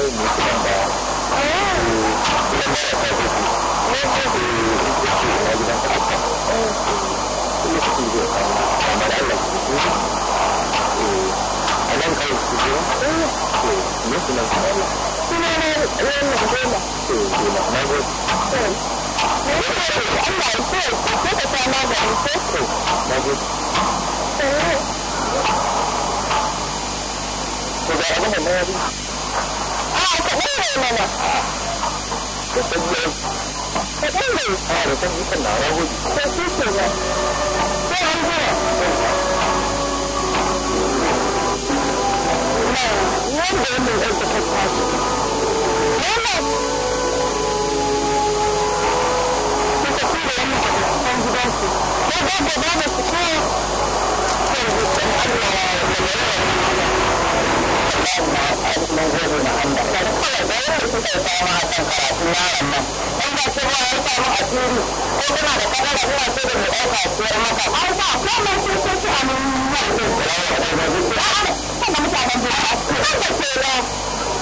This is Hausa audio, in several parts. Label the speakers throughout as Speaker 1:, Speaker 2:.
Speaker 1: ce ina a nan kawai su ke Thank you. mana da tsalliyar da tsalliyar
Speaker 2: na ba
Speaker 1: ta ko ko shi mun gode da kawai da yau su yaron nan in ba ya samu a turu ko da kada da ina so da mu dauka kasuwar a mun yau da mutanen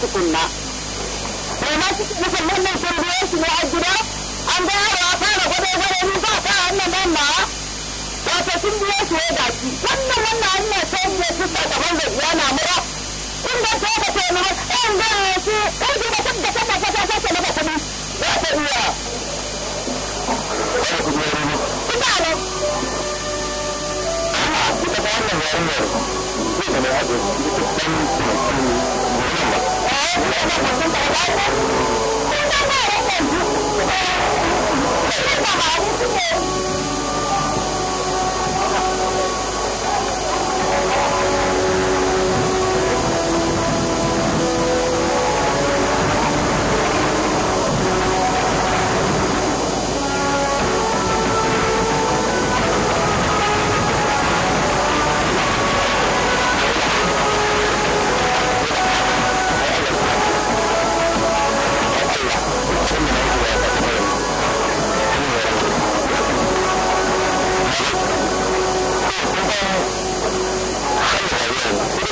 Speaker 2: tukunna. Mai masu musamman mai sun biyo su ne a gida an ga yaro wannan nan na wato sun biyo su eh, ya gashi wannan wannan hanya ta yi ya kusa eh, da bangar ya na mura kun da ta da kai mura ɗan da su ƙarfi da tabda ta ta ta ta ta na kuma za ta iya.
Speaker 1: Kuka ne. Kuka ta ne yarinyar kuka ne haɗe ne ɗan kuka ne. Eh, kuka ne kuka ne. Thank you.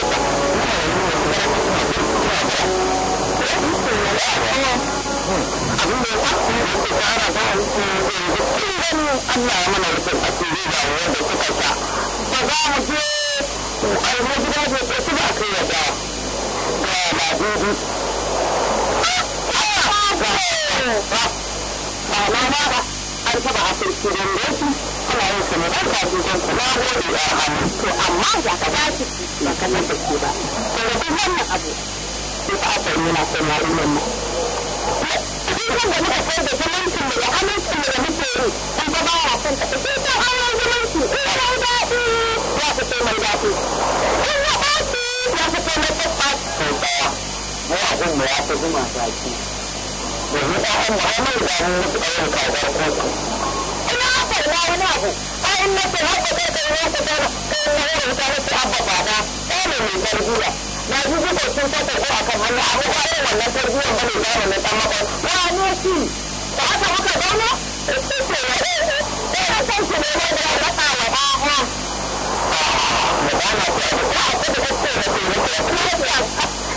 Speaker 1: Bye.
Speaker 2: ita ba a sarki don
Speaker 1: da ana yin su mai ɗan kasu don kuma gode da hannu
Speaker 2: to amma ba ka ba ki
Speaker 1: ba ka nan da ke ba to da duk wannan abu sai fa aka yi na kai malumin mu abubuwan da muka sai da zumuncin da ya amincin da muke yi in ba ba ya son ta sai ta auren zumunci in ya yi daɗi ya fi sai mai daɗi in ya ɓaci ya fi sai mai tsatsa. Sau ɗaya, mu abin da ya fi zuma zaki. yanzu ɗan muhammadu da mu ɗaukar kakar koko ina aka ina wani abu a in na ce har kai kai na ku tara kai na yau ta nace abba bana ɗaya ne mai tarbiyya na ji duka sun kasa ko a kan hannu abu ba irin wannan tarbiyyar ba ne ba wannan ɗan makon wani shi ba haka muka zauna
Speaker 2: ɗaya san su ne ma da rasa wa ɗaya da ba na ku abu
Speaker 1: ba a kuka kasa da ke nake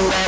Speaker 1: Thank you.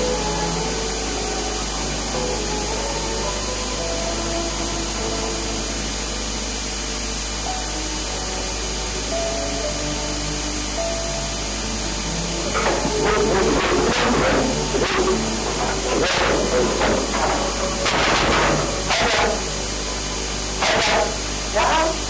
Speaker 2: Wow. Dạ.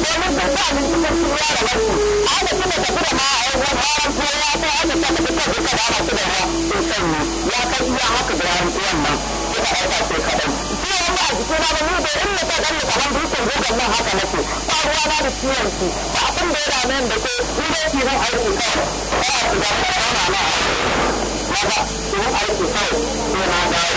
Speaker 1: domin sun sa mu cikin ruwa da wasu aka kuma tafi da ma'a yan uwan bayan kowa ko aka sa tafi duka da ana da ruwa to ya kai iya haka da yan uwan nan suka ɗauka ce kaɗan ciwon a jikina ba ni da in na sa ɗan da kamar dutsen gogon nan haka nake ba ruwa na da ciwon ki ba abin da ya dame da ke ni dai ki zan aiki kawai ba a shiga ba na na ba ki zan aiki kawai sai na dawo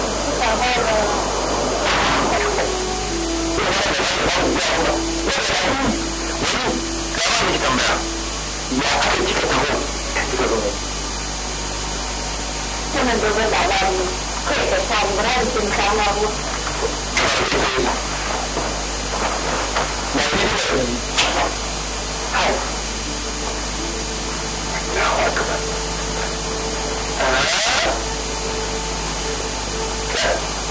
Speaker 1: Now, I shan in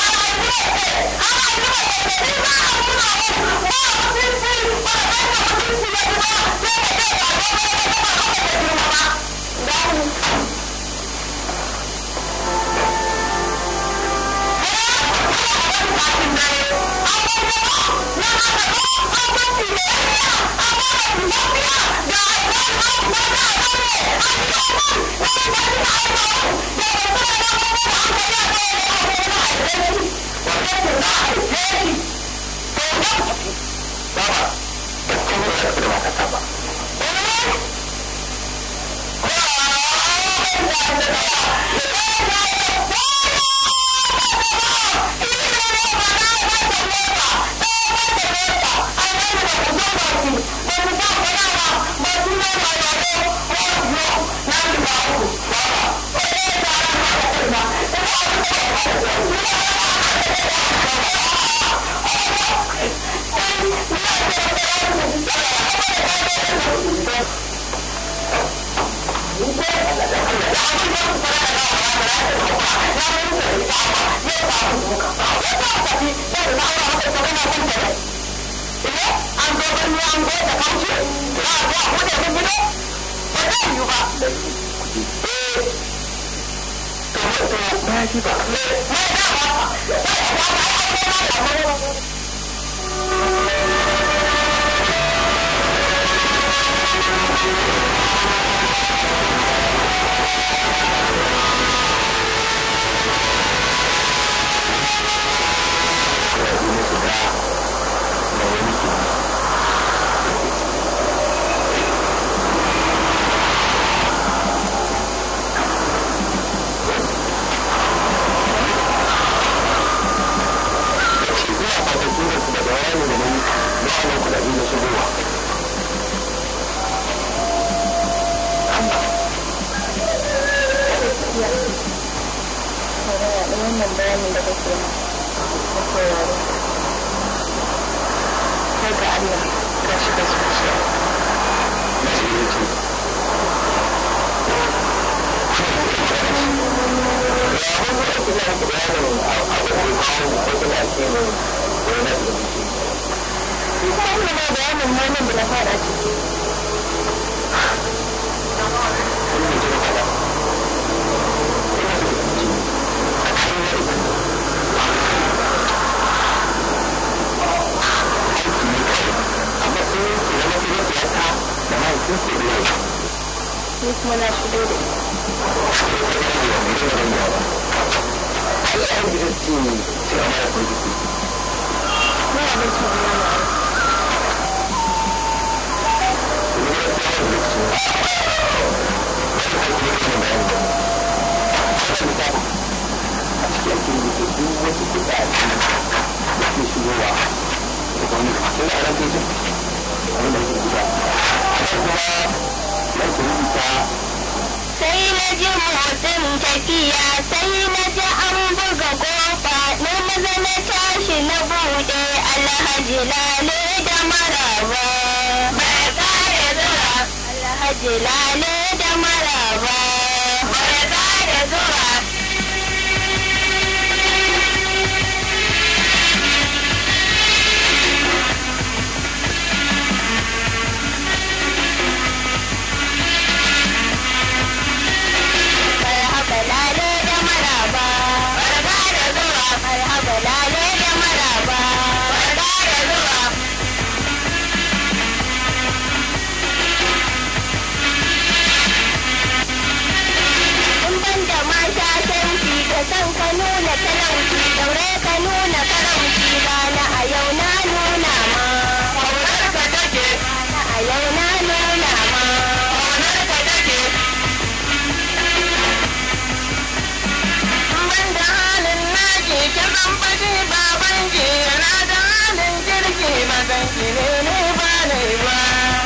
Speaker 1: Thank you. I'm
Speaker 2: wannan bayanin da kake mu
Speaker 1: da sauraro kai ga Allah ka shiga zuciya na shi ne ce bayanin da Ni kuma na shigo da Thank you. sai na ji
Speaker 2: motsin tafiya sai na ji an buga kofa na maza na tashi na buɗe alhaji lale da maraba ba tsare zuwa alhaji lale da maraba ba tsare zuwa lale da maraba barka da zuwa zuwa mata santi da san ka nuna talauci daure ka nuna karamci rana a na nuna ma kaunar ka take a yau na nuna ma kirki kiran faɗi baban ki yana da kirki mazan ne ba ne ba.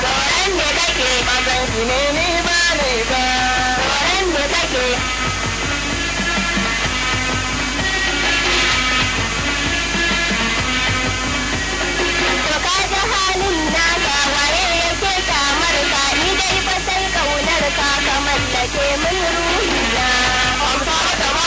Speaker 2: Tsoron da kake mazan ki ne ne ba ne ba. Tsoron da kake halin naka waye ya kamar ka ni dai fa sai kaunar ka kamar
Speaker 1: da ke min ruhi na.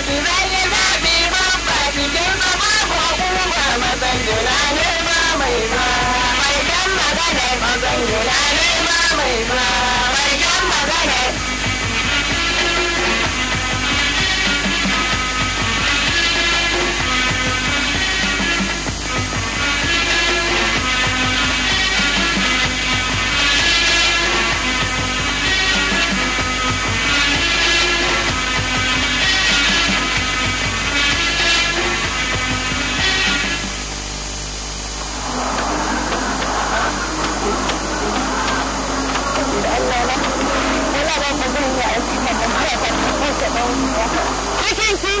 Speaker 2: Mai gan magana, mai gan magana.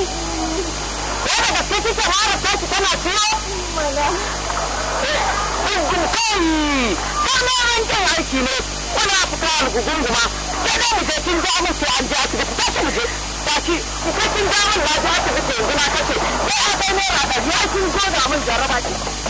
Speaker 2: Yana da sai kike mara tana aiki ne, kuna fita algugunguma, kada mu je kin ga mu sai asibiti, ta je. kai kin asibiti naira ɗari, ya kin da ki.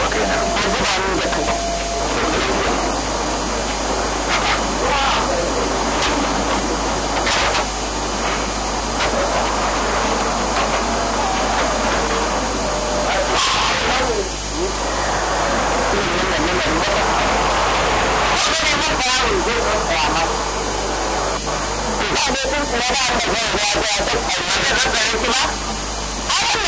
Speaker 1: a da Thank you.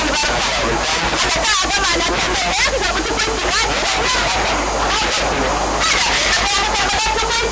Speaker 1: Thank you.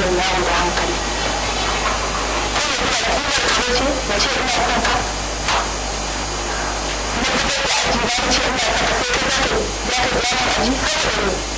Speaker 2: yaron da hankali
Speaker 1: kawai kuma da ce ina son ka na fitar da aji na ce ina son ka sai ka zaka zaka zama aji haka da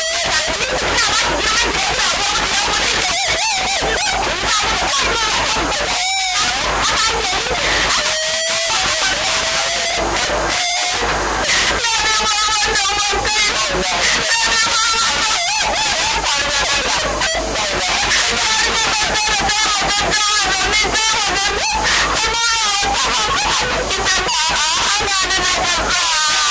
Speaker 1: I'm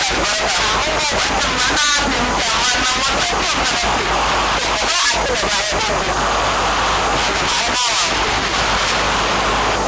Speaker 1: I'm not going to be able to do that. I'm not going to be able to do that.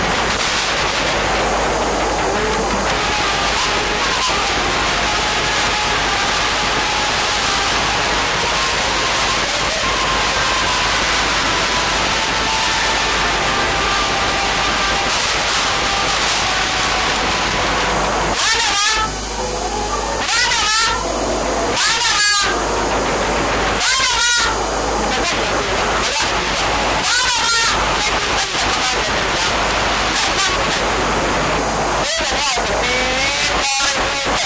Speaker 1: Thank you.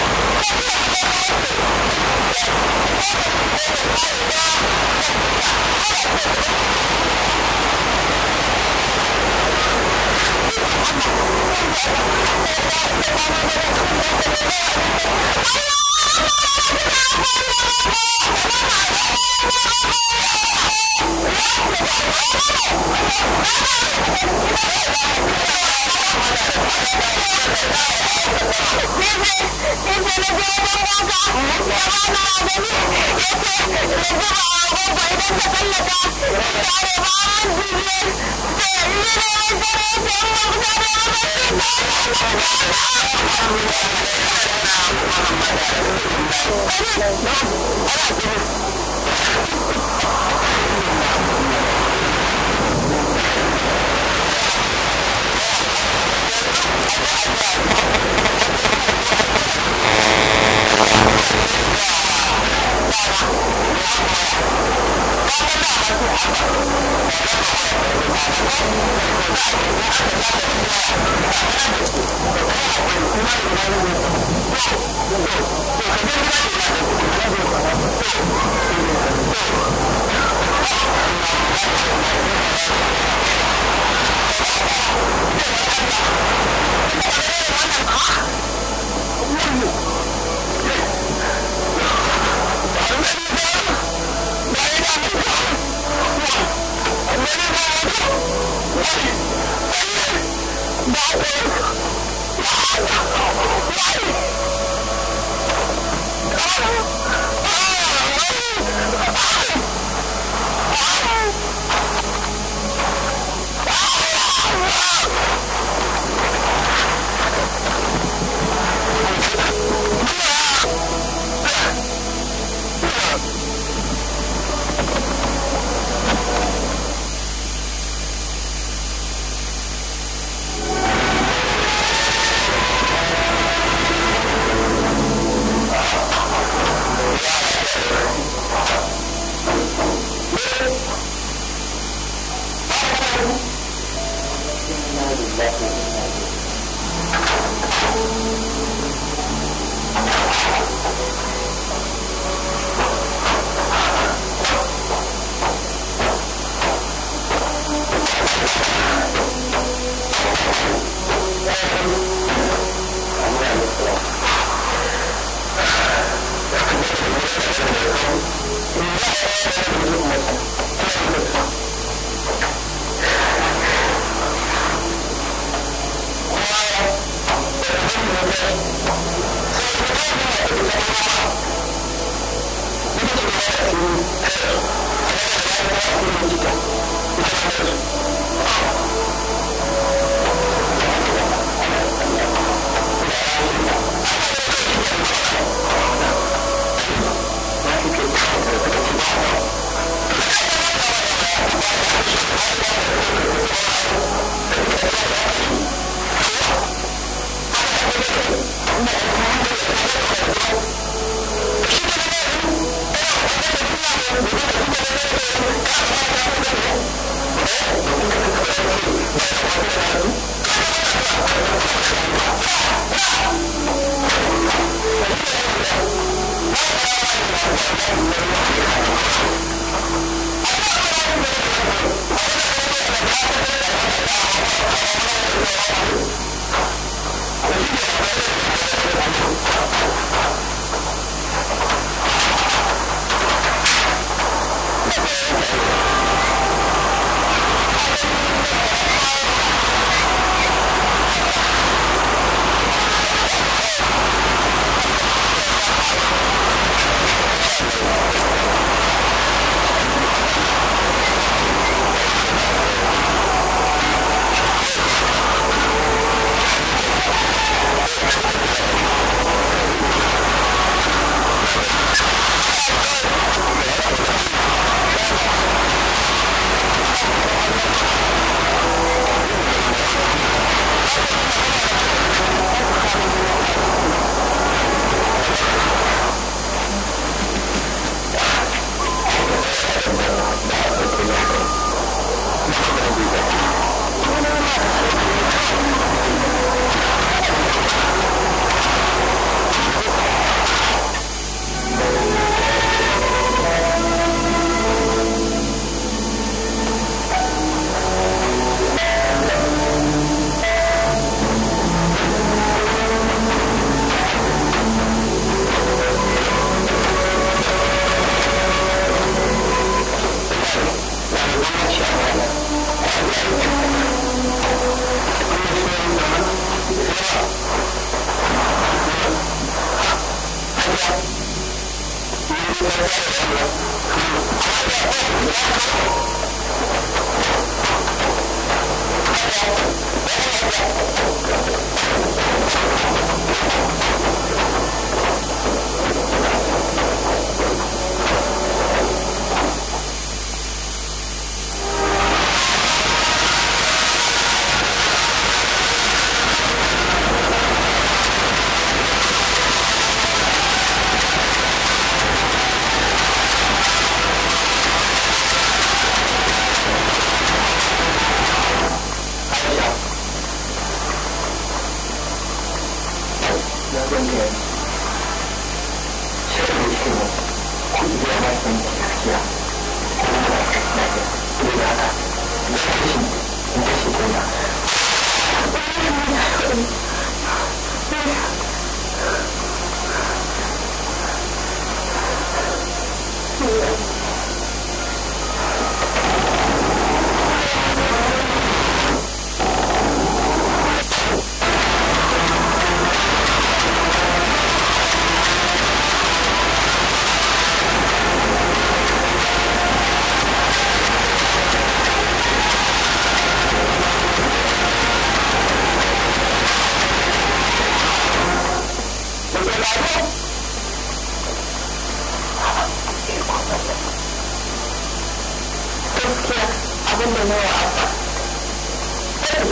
Speaker 1: Thank you.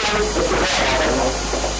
Speaker 1: Thank you.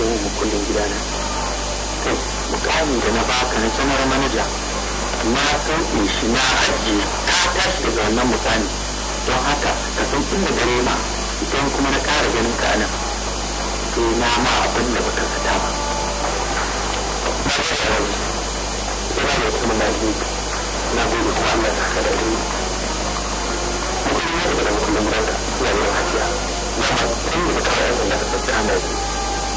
Speaker 1: wajen mu kullum gidana mukamin da na baka na janar manaja na in shi na ajiye ka tashi daga wannan mutane don haka ka san inda gare ma idan kuma na kara ganin ka nan to na ma abin da baka fita ba ina da kuma na yi na gode kuma Allah ta kada ni mukullin da da mukullin da ya yi hakiya na ba tun da kawai da ka tsaya mai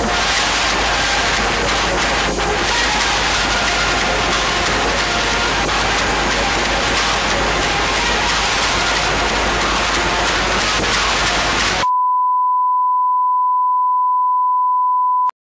Speaker 1: Thank you.